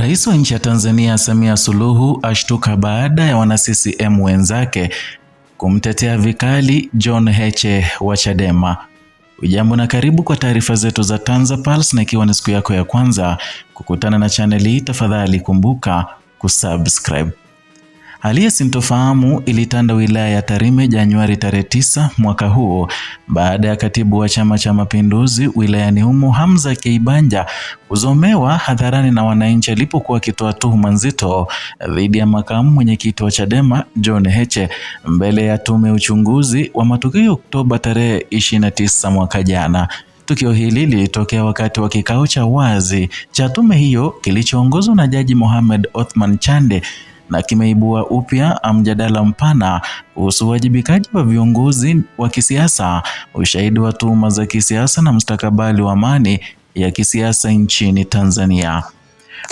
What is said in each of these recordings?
Rais wa nchi ya Tanzania Samia Suluhu ashtuka baada ya wana CCM wenzake kumtetea vikali John Heche wa Chadema. Ujambo na karibu kwa taarifa zetu za Tanza Pulse, na ikiwa ni siku yako ya kwanza kukutana na chaneli hii, tafadhali kumbuka kusubscribe Hali ya sintofahamu ilitanda wilaya ya Tarime Januari tarehe tisa mwaka huu baada ya katibu wa Chama cha Mapinduzi wilayani humo Hamza Keibanja kuzomewa hadharani na wananchi alipokuwa akitoa tuhuma nzito dhidi ya makamu mwenyekiti wa Chadema John Heche mbele ya tume ya uchunguzi wa matukio Oktoba tarehe tisa mwaka jana. Tukio hili lilitokea wakati wa kikao cha wazi cha tume hiyo kilichoongozwa na Jaji Mohamed Othman Chande na kimeibua upya mjadala mpana kuhusu uwajibikaji wa viongozi wa kisiasa, ushahidi wa tuhuma za kisiasa na mustakabali wa amani ya kisiasa nchini Tanzania.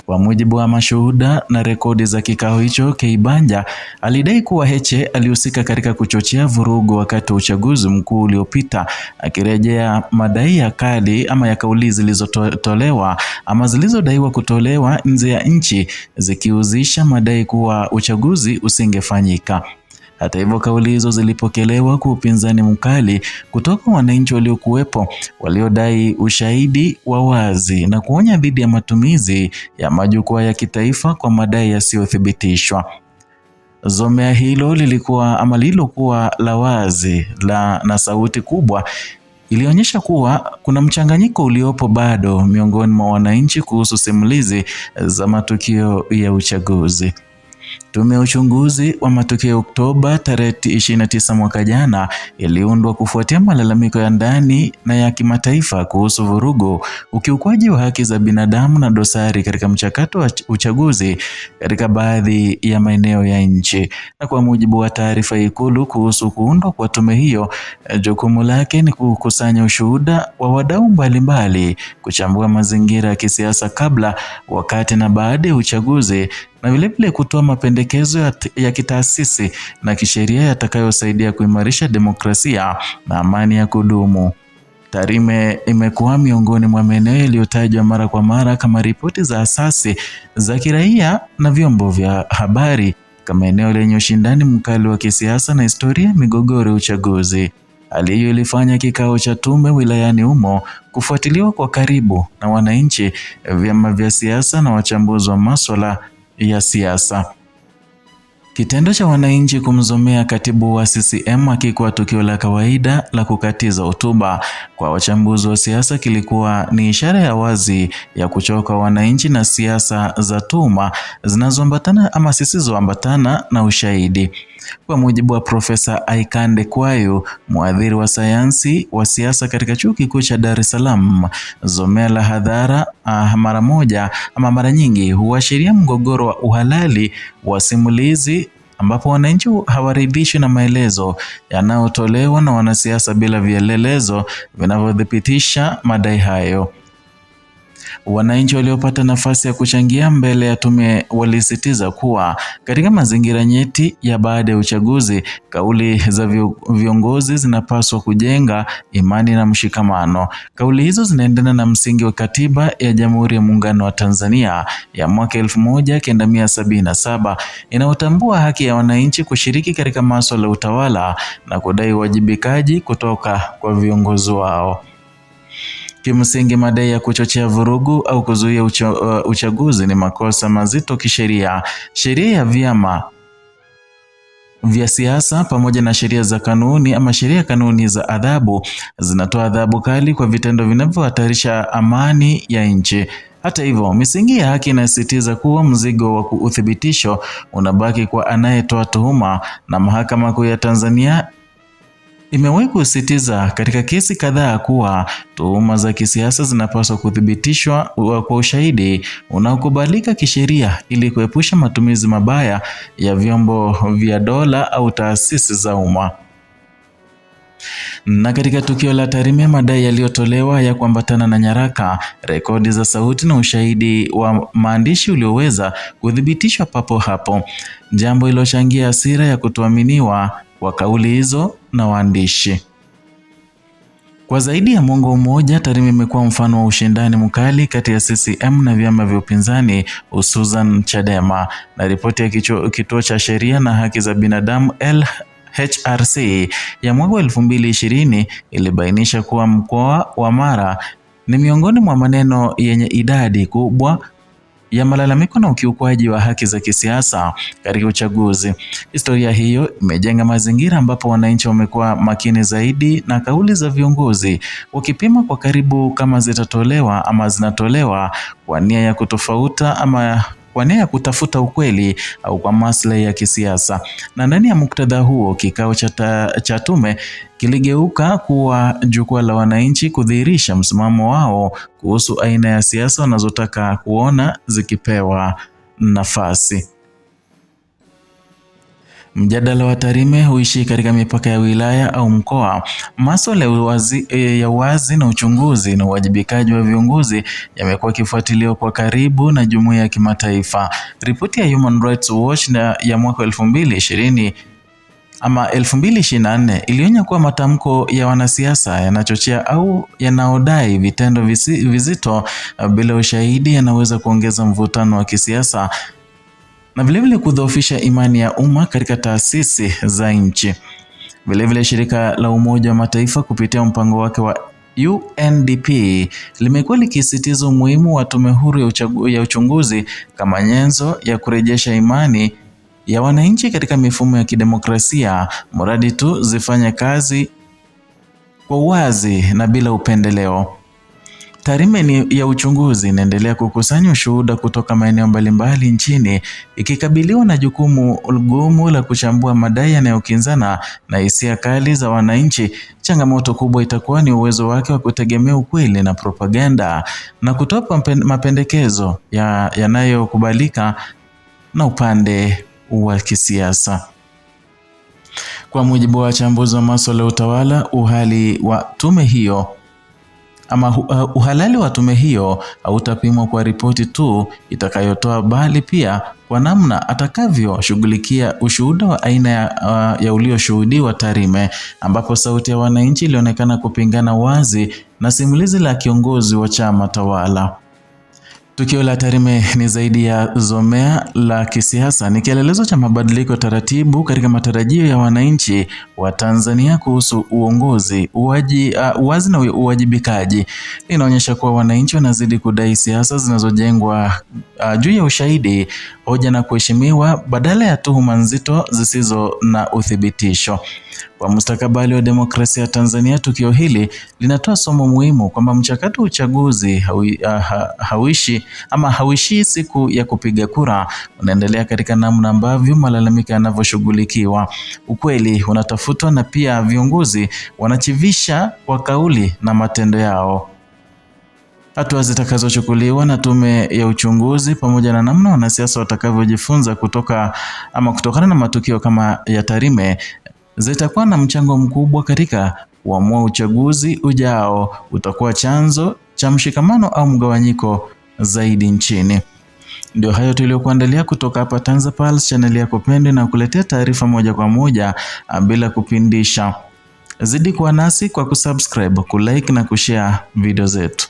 Kwa mujibu wa mashuhuda na rekodi za kikao hicho, Keibanja alidai kuwa Heche alihusika katika kuchochea vurugu wakati wa uchaguzi mkuu uliopita, akirejea madai ya kali ama ya kauli zilizotolewa ama zilizodaiwa kutolewa nje ya nchi, zikihusisha madai kuwa uchaguzi usingefanyika. Hata hivyo, kauli hizo zilipokelewa kwa upinzani mkali kutoka wananchi waliokuwepo, waliodai ushahidi wa wazi na kuonya dhidi ya matumizi ya majukwaa ya kitaifa kwa madai yasiyothibitishwa. Zomea hilo lilikuwa ama lililokuwa la wazi la na sauti kubwa ilionyesha kuwa kuna mchanganyiko uliopo bado miongoni mwa wananchi kuhusu simulizi za matukio ya uchaguzi. Tume ya uchunguzi wa matokeo Oktoba tarehe 29 mwaka jana iliundwa kufuatia malalamiko ya ndani na ya kimataifa kuhusu vurugu, ukiukwaji wa haki za binadamu na dosari katika mchakato wa uchaguzi katika baadhi ya maeneo ya nchi. Na kwa mujibu wa taarifa Ikulu kuhusu kuundwa kwa tume hiyo, jukumu lake ni kukusanya ushuhuda wa wadau mbalimbali, kuchambua mazingira ya kisiasa kabla, wakati na baada ya uchaguzi na vilevile kutoa mapendekezo ya, ya kitaasisi na kisheria yatakayosaidia kuimarisha demokrasia na amani ya kudumu. Tarime imekuwa miongoni mwa maeneo yaliyotajwa mara kwa mara kama ripoti za asasi za kiraia na vyombo vya habari kama eneo lenye ushindani mkali wa kisiasa na historia ya migogoro ya uchaguzi. Hali hiyo ilifanya kikao cha tume wilayani humo kufuatiliwa kwa karibu na wananchi, vyama vya siasa na wachambuzi wa masuala ya siasa. Kitendo cha wananchi kumzomea katibu wa CCM hakikuwa tukio la kawaida la kukatiza hotuba. Kwa wachambuzi wa siasa, kilikuwa ni ishara ya wazi ya kuchoka wananchi na siasa za tuma zinazoambatana ama zisizoambatana na ushahidi. Kwa mujibu wa Profesa Aikande Kwayo, mwadhiri wa sayansi wa siasa katika Chuo Kikuu cha Dar es Salaam, zomea la hadhara ah, mara moja ama mara nyingi huashiria mgogoro wa uhalali wa simulizi ambapo wananchi hawaridhishwi na maelezo yanayotolewa na wanasiasa bila vielelezo vinavyothibitisha madai hayo. Wananchi waliopata nafasi ya kuchangia mbele ya tume walisitiza kuwa katika mazingira nyeti ya baada ya uchaguzi, kauli za viongozi zinapaswa kujenga imani na mshikamano. Kauli hizo zinaendana na msingi wa katiba ya Jamhuri ya Muungano wa Tanzania ya mwaka elfu moja kenda mia sabini na saba inayotambua haki ya wananchi kushiriki katika masuala ya utawala na kudai uwajibikaji kutoka kwa viongozi wao. Kimsingi, madai ya kuchochea vurugu au kuzuia uh, uchaguzi ni makosa mazito kisheria. Sheria ya vyama vya siasa pamoja na sheria za kanuni ama sheria kanuni za adhabu zinatoa adhabu kali kwa vitendo vinavyohatarisha amani ya nchi. Hata hivyo, misingi ya haki inasisitiza kuwa mzigo wa uthibitisho unabaki kwa anayetoa tuhuma, na Mahakama Kuu ya Tanzania imewahi kusisitiza katika kesi kadhaa kuwa tuhuma za kisiasa zinapaswa kuthibitishwa kwa ushahidi unaokubalika kisheria ili kuepusha matumizi mabaya ya vyombo vya dola au taasisi za umma. Na katika tukio la Tarime, madai yaliyotolewa ya kuambatana na nyaraka, rekodi za sauti na ushahidi wa maandishi ulioweza kuthibitishwa papo hapo, jambo lilochangia hasira ya kutoaminiwa kwa kauli hizo na waandishi. Kwa zaidi ya mwongo mmoja, Tarime imekuwa mfano wa ushindani mkali kati ya CCM na vyama vya upinzani hususan Chadema. Na ripoti ya kituo cha sheria na haki za binadamu HRC ya mwaka 2020 ilibainisha kuwa mkoa wa Mara ni miongoni mwa maneno yenye idadi kubwa ya malalamiko na ukiukwaji wa haki za kisiasa katika uchaguzi. Historia hiyo imejenga mazingira ambapo wananchi wamekuwa makini zaidi na kauli za viongozi, wakipima kwa karibu kama zitatolewa ama zinatolewa kwa nia ya kutofauta ama kwa nia ya kutafuta ukweli au kwa maslahi ya kisiasa. Na ndani ya muktadha huo, kikao cha tume kiligeuka kuwa jukwaa la wananchi kudhihirisha msimamo wao kuhusu aina ya siasa wanazotaka kuona zikipewa nafasi. Mjadala wa Tarime huishi katika mipaka ya wilaya au mkoa. Masuala e, ya uwazi na uchunguzi na uwajibikaji wa viongozi yamekuwa kifuatiliwa kwa karibu na jumuiya ya kimataifa. Ripoti ya Human Rights Watch na ya mwaka 2020 ama 2024 ilionya kuwa matamko ya wanasiasa yanachochea au yanaodai vitendo vizito e, bila ushahidi yanaweza kuongeza mvutano wa kisiasa na vilevile kudhoofisha imani ya umma katika taasisi za nchi. Vilevile, shirika la Umoja wa Mataifa kupitia mpango wake wa UNDP limekuwa likisisitiza umuhimu wa tume huru ya uchunguzi kama nyenzo ya kurejesha imani ya wananchi katika mifumo ya kidemokrasia, mradi tu zifanye kazi kwa uwazi na bila upendeleo ni ya uchunguzi inaendelea kukusanya ushuhuda kutoka maeneo mbalimbali nchini ikikabiliwa na jukumu gumu la kuchambua madai yanayokinzana na hisia kali za wananchi. Changamoto kubwa itakuwa ni uwezo wake wa kutegemea ukweli na propaganda na kutoa mapendekezo yanayokubalika ya na upande wa kisiasa. Kwa mujibu wa wachambuzi wa masuala ya utawala, uhali wa tume hiyo ama uh, uhalali wa tume hiyo hautapimwa kwa ripoti tu itakayotoa bali pia kwa namna atakavyoshughulikia ushuhuda wa aina ya, uh, ya ulioshuhudiwa Tarime, ambapo sauti ya wananchi ilionekana kupingana wazi na simulizi la kiongozi wa chama tawala. Tukio la Tarime ni zaidi ya zomea la kisiasa, ni kielelezo cha mabadiliko taratibu katika matarajio ya wananchi wa Tanzania kuhusu uongozi, uwaji, uh, uwazi na uwajibikaji. Linaonyesha kuwa wananchi wanazidi kudai siasa zinazojengwa uh, juu ya ushahidi hoja na kuheshimiwa badala ya tuhuma nzito zisizo na uthibitisho. Kwa mustakabali wa demokrasia ya Tanzania, tukio hili linatoa somo muhimu kwamba mchakato wa uchaguzi hawi, ah, ha, hawishi ama hauishii siku ya kupiga kura, unaendelea katika namna ambavyo malalamiko yanavyoshughulikiwa. Ukweli unatafutwa na pia viongozi wanachivisha kwa kauli na matendo yao hatua zitakazochukuliwa na tume ya uchunguzi pamoja na namna wanasiasa watakavyojifunza kutoka ama kutokana na matukio kama ya Tarime zitakuwa na mchango mkubwa katika kuamua uchaguzi ujao utakuwa chanzo cha mshikamano au mgawanyiko zaidi nchini. Ndio hayo tuliyokuandalia kutoka hapa TanzaPulse, chaneli yako pendwa na kuletea taarifa moja kwa moja ah, bila kupindisha. Zidi kuwa nasi kwa kusubscribe, kulike na kushare video zetu.